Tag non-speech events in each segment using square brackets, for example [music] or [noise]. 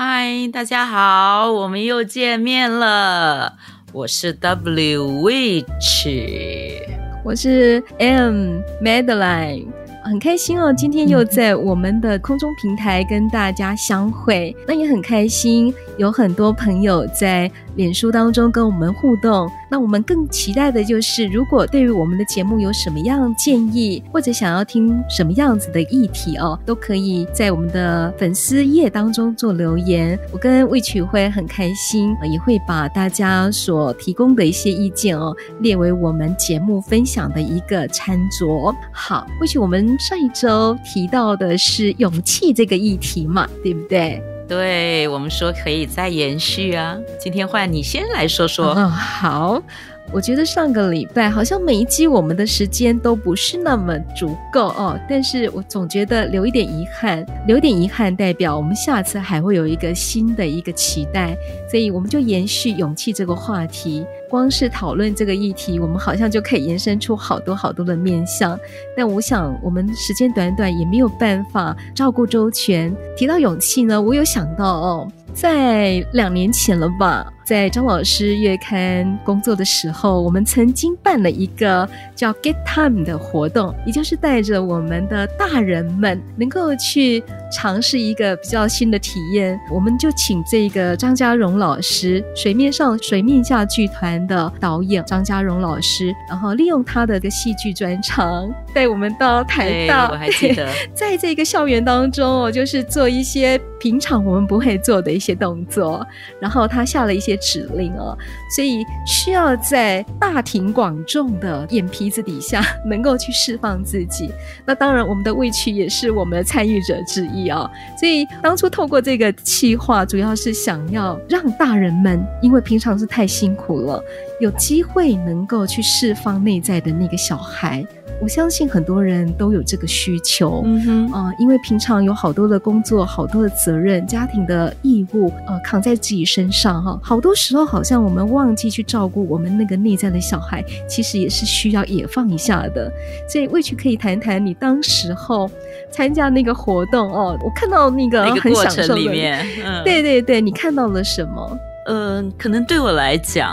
嗨，Hi, 大家好，我們又見面了。我是 W Witch，我是 M Madeline，很開心哦，今天又在我們的空中平台跟大家相會， [laughs] 那也很開心。有很多朋友在臉書當中跟我們互動，那我們更期待的就是，如果對於我們的節目有什麼樣建議，或者想要聽什麼樣子的議題哦，都可以在我們的粉絲頁當中做留言。我跟魏曲會很開心，也會把大家所提供的一些意見哦，列為我們節目分享的一個餐桌。好，魏曲，我們上一週提到的是勇氣這個議題嘛，對不對？對，我們說可以再延續啊，今天換你先來說說。嗯，好。我覺得上個禮拜好像每一集我們的時間都不是那麼足夠哦，但是我總覺得留一點遺憾，留點遺憾代表我們下次還會有一個新的一個期待，所以我們就延續勇氣這個話題。光是討論這個議題，我們好像就可以延伸出好多好多的面向。但我想我們時間短短，也沒有辦法照顧周全。提到勇氣呢，我有想到哦，在兩年前了吧。在張老師月刊工作的時候，我們曾經辦了一個叫 “Gap 一夏”的活動，也就是帶着我們的大人們能夠去嘗試一個比較新的體驗。我們就請這個張嘉榮老師，水面上水面下劇團的導演張嘉榮老師，然後利用他的個戲劇專長，帶我們到台大，對 [laughs] 在這個校園當中哦，就是做一些平常我們不會做的一些動作，然後他下了一些。指令哦、啊，所以需要在大庭廣眾的眼皮子底下，能夠去釋放自己。那當然，我們的 W 也是我們的參與者之一啊。所以當初透過這個企劃，主要是想要讓大人們，因為平常是太辛苦了，有機會能夠去釋放內在的那個小孩。我相信很多人都有這個需求，嗯哼，啊、呃，因為平常有好多的工作，好多的責任，家庭的義務，呃，扛在自己身上哈，哦，好多時候好像我們忘記去照顧我們那個內在的小孩，其實也是需要野放一下的。所以魏去可以談談你當時候參加那個活動哦，我看到那個那個過程很享受裡面，嗯、對對對，你看到了什麼？呃，可能對我來講。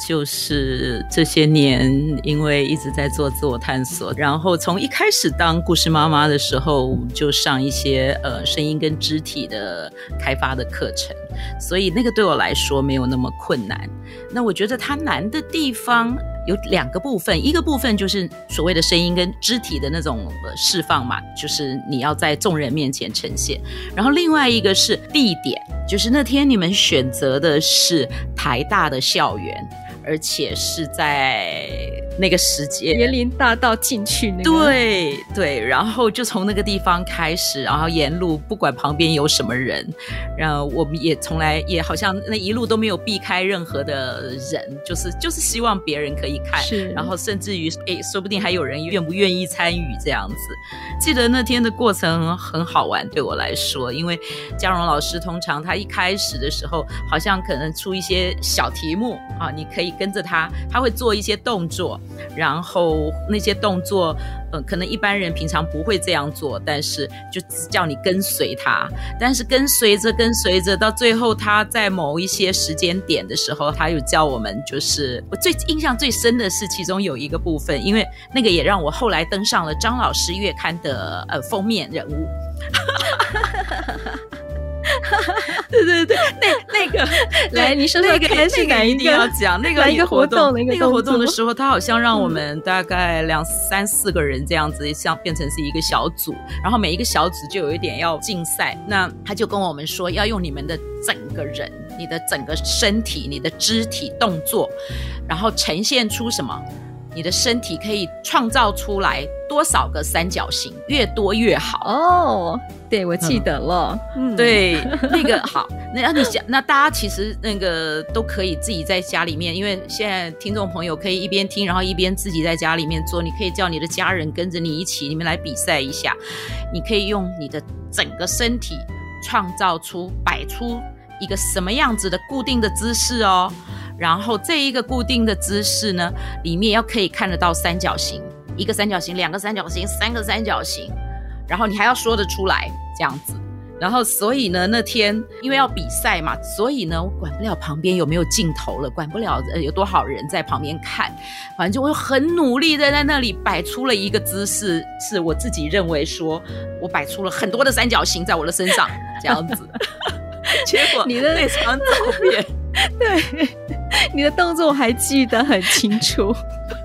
就是這些年，因為一直在做自我探索，然後從一開始當故事媽媽的時候，就上一些呃聲音跟肢體的開發的課程，所以那個對我來說沒有那麼困難。那我覺得它難的地方有兩個部分，一個部分就是所謂的聲音跟肢體的那種釋放嘛，就是你要在眾人面前呈現，然後另外一個是地點，就是那天你們選擇的是台大的校園。而且是在。那個時間，椰林大道進去，那個，對對，然後就從那個地方開始，然後沿路不管旁邊有什麼人，然後我們也從來也好像那一路都沒有避開任何的人，就是就是希望別人可以看，是然後甚至於誒，說不定還有人願不願意參與這樣子。記得那天的過程很好玩對我來說，因為嘉榮老師通常他一開始的時候好像可能出一些小題目啊，你可以跟着他，他會做一些動作。然後那些動作，嗯、呃，可能一般人平常不會這樣做，但是就叫你跟隨他。但是跟隨着跟隨着，到最後他在某一些時間點的時候，他又叫我們，就是我最印象最深的是其中有一個部分，因為那個也讓我後來登上了張老師月刊的呃封面人物。 [laughs] 對對對，那那個， [laughs] 對來，你說，說那個開心感一定要講那個一個活動，那個活動的時候，他好像讓我們大概兩三四個人這樣子，像變成是一個小組，嗯、然後每一個小組就有一點要競賽，那他就跟我們說要用你們的整個人、你的整個身體、你的肢體動作，然後呈現出什麼，你的身體可以創造出來。多少個三角形，越多越好哦。對，我記得了。嗯，嗯對，那個好。那你想，那大家其實那個都可以自己在家裡面，因為現在聽眾朋友可以一邊聽，然後一邊自己在家裡面做。你可以叫你的家人跟着你一起，你們來比賽一下。你可以用你的整個身體創造出擺出一個什麼樣子的固定的姿勢哦。然後這一個固定的姿勢呢，裡面要可以看得到三角形。一個三角形，兩個三角形，三個三角形，然後你還要說得出來這樣子，然後所以呢，那天因為要比賽嘛，所以呢，我管不了旁邊有沒有鏡頭了，管不了呃有多少人在旁邊看，反正就我就很努力的在那裡擺出了一個姿勢，是我自己認為說我擺出了很多的三角形在我的身上 [laughs] 這樣子。 [laughs] 結果你的那張照片，對，你的動作我還記得很清楚。 [laughs]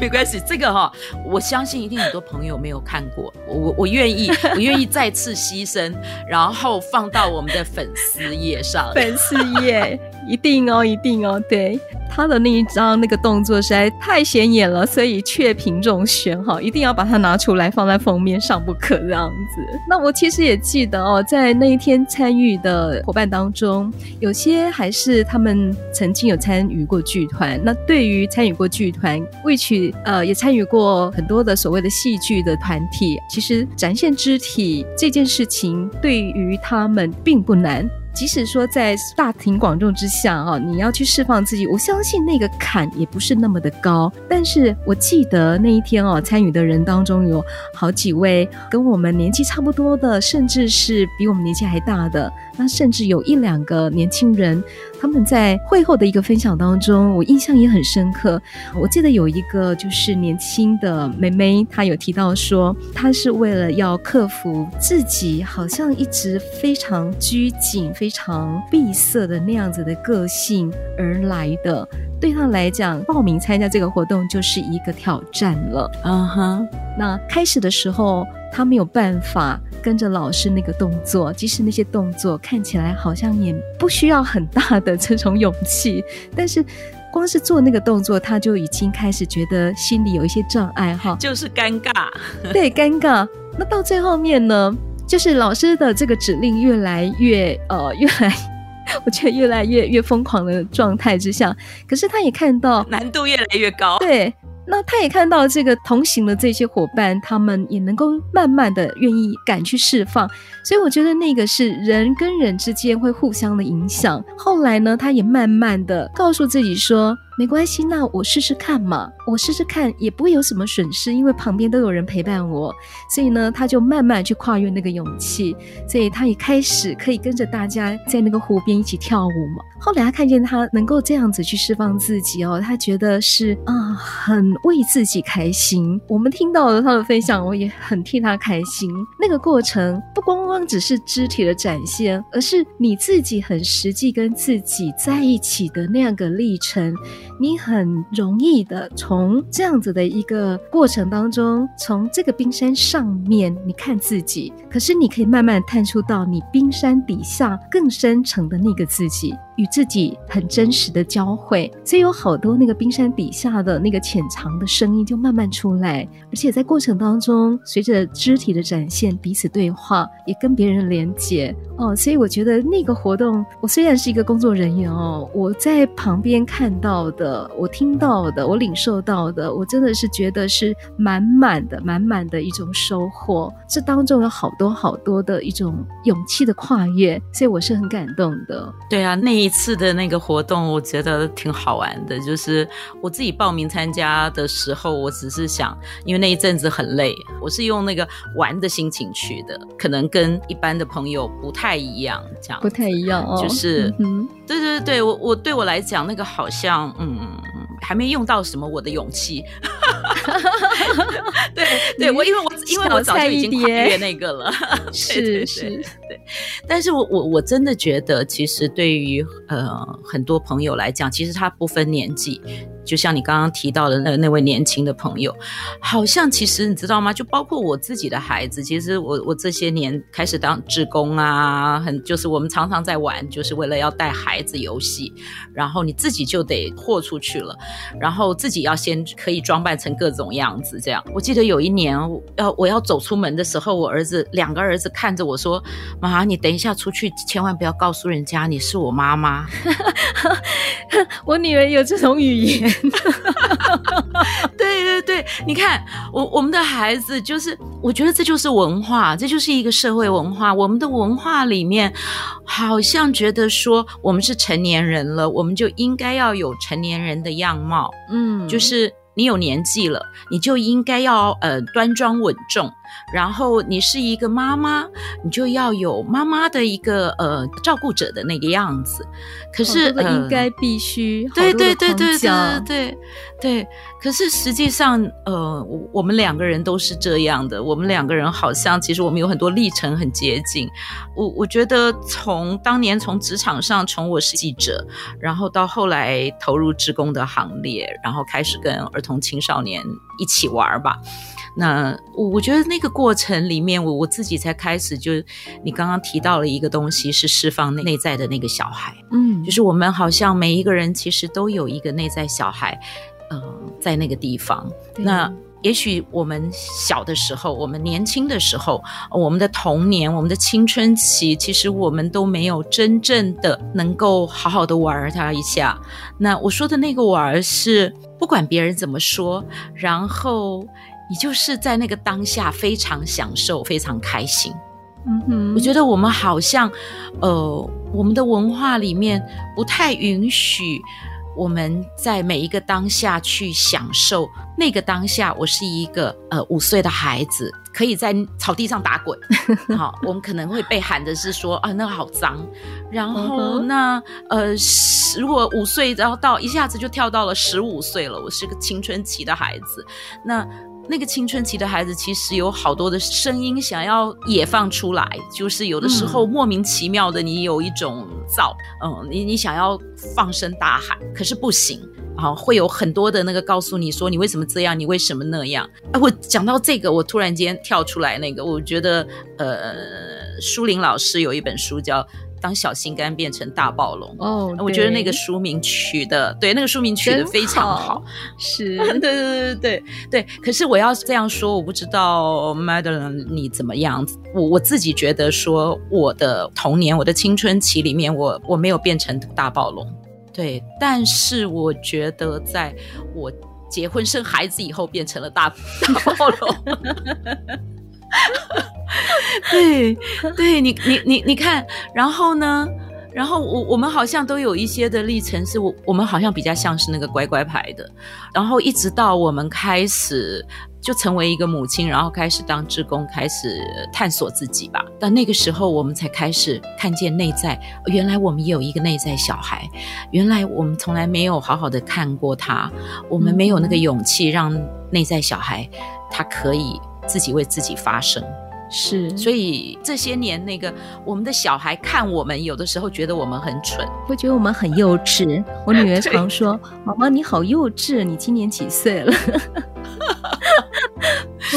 沒關係，這個哈、哦，我相信一定很多朋友沒有看過，我我我願意，我願意再次犧牲， [laughs] 然後放到我們的粉絲頁上，粉絲頁 [laughs] 一定哦，一定哦，對。他的那一張那個動作實在太顯眼了，所以卻品種選好，一定要把它拿出來放在封面上不可這樣子。那我其實也記得哦，在那一天參與的夥伴當中，有些還是他們曾經有參與過劇團。那對於參與過劇團，未去呃也參與過很多的所謂的戲劇的團體，其實展現肢體這件事情對於他們並不難。即使說在大庭廣眾之下喔，你要去釋放自己，我相信那個坎也不是那麼的高。但是我記得那一天喔，參與的人當中有好幾位跟我們年紀差不多的，甚至是比我們年紀還大的，那甚至有一兩個年輕人。他們在會後的一個分享當中，我印象也很深刻。我記得有一個就是年輕的妹妹，她有提到說，她是為了要克服自己好像一直非常拘謹、非常閉塞的那樣子的個性而來的。對他來講，報名參加這個活動就是一個挑戰了。啊哈、uh-huh，那開始的時候，他沒有辦法跟着老師那個動作，即使那些動作看起來好像也不需要很大的這種勇氣，但是光是做那個動作，他就已經開始覺得心裡有一些障礙哈，就是尷尬， [laughs] 對，尷尬。那到最後面呢，就是老師的這個指令越來越呃，越來。我覺得越來越越瘋狂的狀態之下，可是他也看到難度越來越高。對，那他也看到這個同行的這些夥伴，他們也能夠慢慢的願意敢去釋放。所以我覺得那個是人跟人之間會互相的影響。後來呢，他也慢慢的告訴自己說。沒關係，那我試試看嘛。我試試看也不會有什麼損失，因為旁邊都有人陪伴我，所以呢，他就慢慢去跨越那個勇氣。所以他一開始可以跟着大家在那個湖邊一起跳舞嘛。後來他看見他能夠這樣子去釋放自己哦，他覺得是啊，嗯，很為自己開心。我們聽到了他的分享，我也很替他開心。那個過程不光光只是肢體的展現，而是你自己很實際跟自己在一起的那樣個歷程。你很容易的從這樣子的一個過程當中，從這個冰山上面你看自己，可是你可以慢慢探出到你冰山底下更深層的那個自己，與自己很真實的交匯，所以有好多那個冰山底下的那個潛藏的聲音就慢慢出來，而且在過程當中，隨着肢體的展現，彼此對話，也跟別人連接哦。所以我覺得那個活動，我雖然是一個工作人員哦，我在旁邊看到的，我聽到的，我領受到的，我真的是覺得是滿滿的、滿滿的一種收穫。這當中有好多好多的一種勇氣的跨越，所以我是很感動的。對啊，那。一次的那個活動，我覺得挺好玩的。就是我自己報名參加的時候，我只是想，因為那一陣子很累，我是用那個玩的心情去的，可能跟一般的朋友不太一樣，這樣不太一樣哦。就是，嗯哼，對對對，我我對我來講，那個好像，嗯，還沒用到什麼我的勇氣。哈， [laughs] 對對，你 我因為我因為我早就已經跨越那個了，是是對，對。但是我我我真的覺得，其實對於呃很多朋友來講，其實他不分年紀。就像你剛剛提到的那那位年輕的朋友，好像其實你知道嗎？就包括我自己的孩子，其實我我這些年開始當志工啊，很就是我們常常在玩，就是為了要帶孩子遊戲，然後你自己就得豁出去了，然後自己要先可以裝扮。成各種樣子，這樣。我記得有一年，我要我要走出門的時候，我兒子兩個兒子看着我說：“媽，你等一下出去，千萬不要告訴人家你是我媽媽。” [laughs] 我女兒有這種語言。 [laughs] [laughs] 對對對，你看我我們的孩子，就是我覺得這就是文化，這就是一個社會文化。我們的文化裡面，好像覺得說我們是成年人了，我們就應該要有成年人的樣貌。嗯，就是。你有年紀了，你就應該要，呃，端莊穩重。然後你是一個媽媽，你就要有媽媽的一個呃照顧者的那個樣子。可是應該必須，呃、對對對對對對對，對，對，對，對，對，對。可是實際上，呃，我們兩個人都是這樣的。我們兩個人好像其實我們有很多歷程很接近。我我覺得從當年從職場上從我是記者，然後到後來投入志工的行列，然後開始跟兒童青少年一起玩吧。那我我覺得那個過程裡面，我我自己才開始，就你剛剛提到了一個東西，是釋放內內在的那個小孩，嗯，就是我們好像每一個人其實都有一個內在小孩，嗯，在那個地方。那也許我們小的時候，我們年輕的時候，我們的童年，我們的青春期，其實我們都沒有真正的能夠好好的玩它一下。那我說的那個玩，是不管別人怎麼說，然後。你就是在那個當下非常享受，非常開心。嗯哼，我覺得我們好像，呃，我們的文化裡面不太允許我們在每一個當下去享受那個當下。我是一個呃五歲的孩子，可以在草地上打滾。 [laughs] 好，我們可能會被喊的是說啊，那個好髒。然後那、嗯、哼呃十，如果五歲然後到一下子就跳到了十五歲了，我是個青春期的孩子。那那個青春期的孩子其實有好多的聲音想要野放出來，就是有的時候莫名其妙的，你有一種躁，嗯，嗯，你你想要放聲大喊，可是不行，啊，會有很多的那個告訴你說你為什麼這樣，你為什麼那樣？哎、啊，我講到這個，我突然間跳出來那個，我覺得呃，舒琳老師有一本書叫。當小心肝變成大暴龍哦，oh, 對我覺得那個書名取得對，那個書名取得非常好。好是 [laughs] 對對對對對，對可是我要這樣說，我不知道 Madeline 你怎麼樣子？我我自己覺得說，我的童年、我的青春期裡面我，我我沒有變成大暴龍。對，但是我覺得在我結婚生孩子以後，變成了大大暴龍。 [laughs] [laughs] 對，對你，你你你看，然後呢？然後我我們好像都有一些的歷程是，是我我們好像比較像是那個乖乖牌的，然後一直到我們開始就成為一個母親，然後開始當志工，開始探索自己吧。但那個時候，我們才開始看見內在，原來我們也有一個內在小孩，原來我們從來沒有好好的看過他，我們沒有那個勇氣讓內在小孩他可以。自己為自己發聲，是，所以這些年那個我們的小孩看我們，有的時候覺得我們很蠢，會覺得我們很幼稚。我女兒常說：“ [laughs] 對媽媽你好幼稚，你今年幾歲了？” [laughs] [laughs]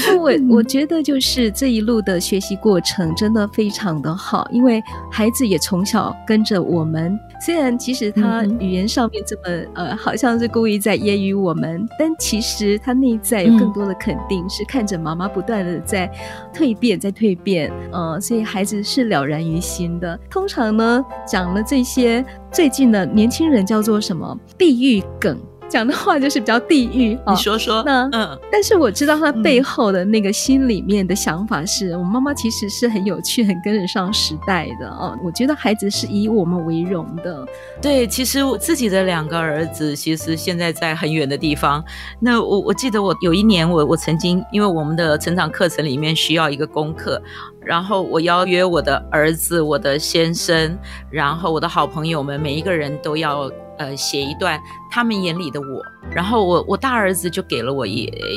不過我我覺得就是這一路的學習過程真的非常的好，因為孩子也從小跟着我們，雖然其實他語言上面這麼、嗯、呃好像是故意在揶揄我們，但其實他內在有更多的肯定，嗯、是看着媽媽不斷的在蛻變，在蛻變，嗯、呃，所以孩子是了然於心的。通常呢，講了這些，最近的年輕人叫做什麼地獄梗？講的話就是比較地域，你說說那、哦、嗯，但是我知道他背後的那個心裡面的想法是，嗯、我媽媽其實是很有趣、很跟得上時代的哦。我覺得孩子是以我們為榮的。對，其實我自己的兩個兒子，其實現在在很遠的地方。那我我記得我有一年我，我我曾經因為我們的成長課程裡面需要一個功課，然後我邀約我的兒子、我的先生，然後我的好朋友們，每一個人都要。呃，寫一段他們眼裡的我，然後我我大兒子就給了我一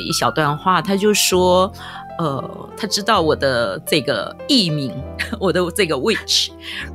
一小段話，他就說，呃，他知道我的這個藝名，我的這個 witch，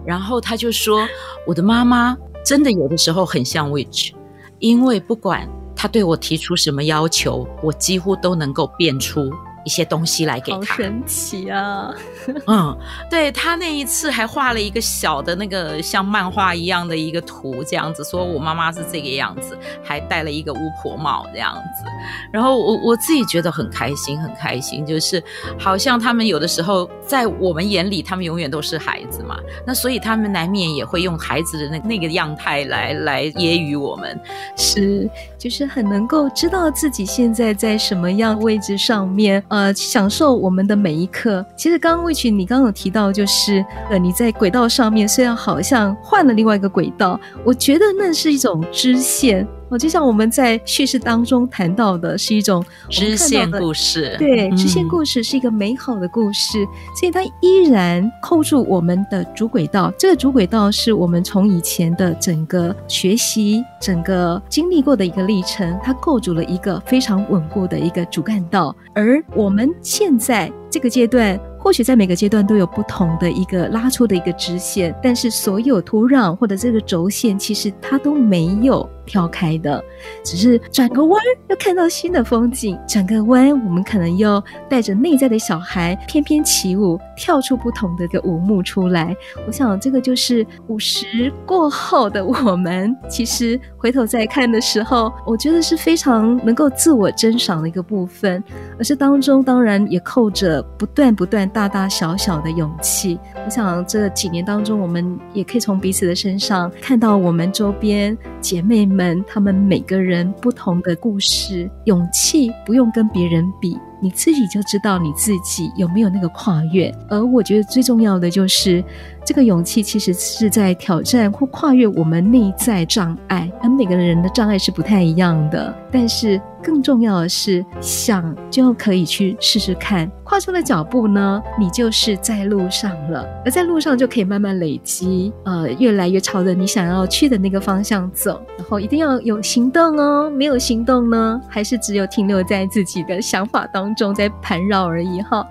然後他就說，我的媽媽真的有的時候很像 witch，因為不管他對我提出什麼要求，我幾乎都能夠變出。一些東西來給他，好神奇啊！ [laughs] 嗯，對，他那一次還畫了一個小的那個像漫畫一樣的一個圖，這樣子說我媽媽是這個樣子，還戴了一個巫婆帽這樣子。然後我我自己覺得很開心，很開心，就是好像他們有的時候在我們眼裡，他們永遠都是孩子嘛。那所以他們難免也會用孩子的那那個樣態來來揶揄我們，是，就是很能夠知道自己現在在什麼樣位置上面。呃，享受我們的每一刻。其實剛剛 Witch，你剛剛有提到，就是呃，你在軌道上面，雖然好像換了另外一個軌道，我覺得那是一種支線。哦，就像我們在敘事當中談到的，是一種的支線故事。對，嗯、支線故事是一個美好的故事，所以它依然扣住我們的主軌道。這個主軌道是我們從以前的整個學習、整個經歷過的一個歷程，它構築了一個非常穩固的一個主幹道。而我們現在這個階段，或許在每個階段都有不同的一個拉出的一個支線，但是所有土壤或者這個軸線，其實它都沒有。跳開的，只是轉個彎又看到新的風景；轉個彎，我們可能又帶着內在的小孩翩翩起舞，跳出不同的一個舞步出來。我想，這個就是五十過後的我們。其實回頭再看的時候，我覺得是非常能夠自我珍賞的一個部分，而是當中當然也扣着不斷不斷大大小小的勇氣。我想這幾年當中，我們也可以從彼此的身上看到我們周邊姐妹們。們，他們每個人不同的故事，勇氣不用跟別人比。你自己就知道你自己有沒有那個跨越。而我覺得最重要的就是，這個勇氣其實是在挑戰或跨越我們內在障礙。而每個人的障礙是不太一樣的。但是更重要的是，想就可以去試試看，跨出了腳步呢，你就是在路上了。而在路上就可以慢慢累積，呃，越來越朝着你想要去的那個方向走。然後一定要有行動哦，沒有行動呢，還是只有停留在自己的想法當中。重重在盤繞而已哈，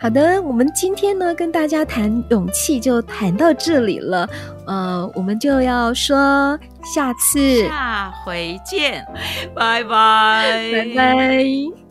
好的，我們今天呢，跟大家談勇氣就談到這裡了，呃，我們就要說下次，下回見，拜拜 [laughs] 拜拜。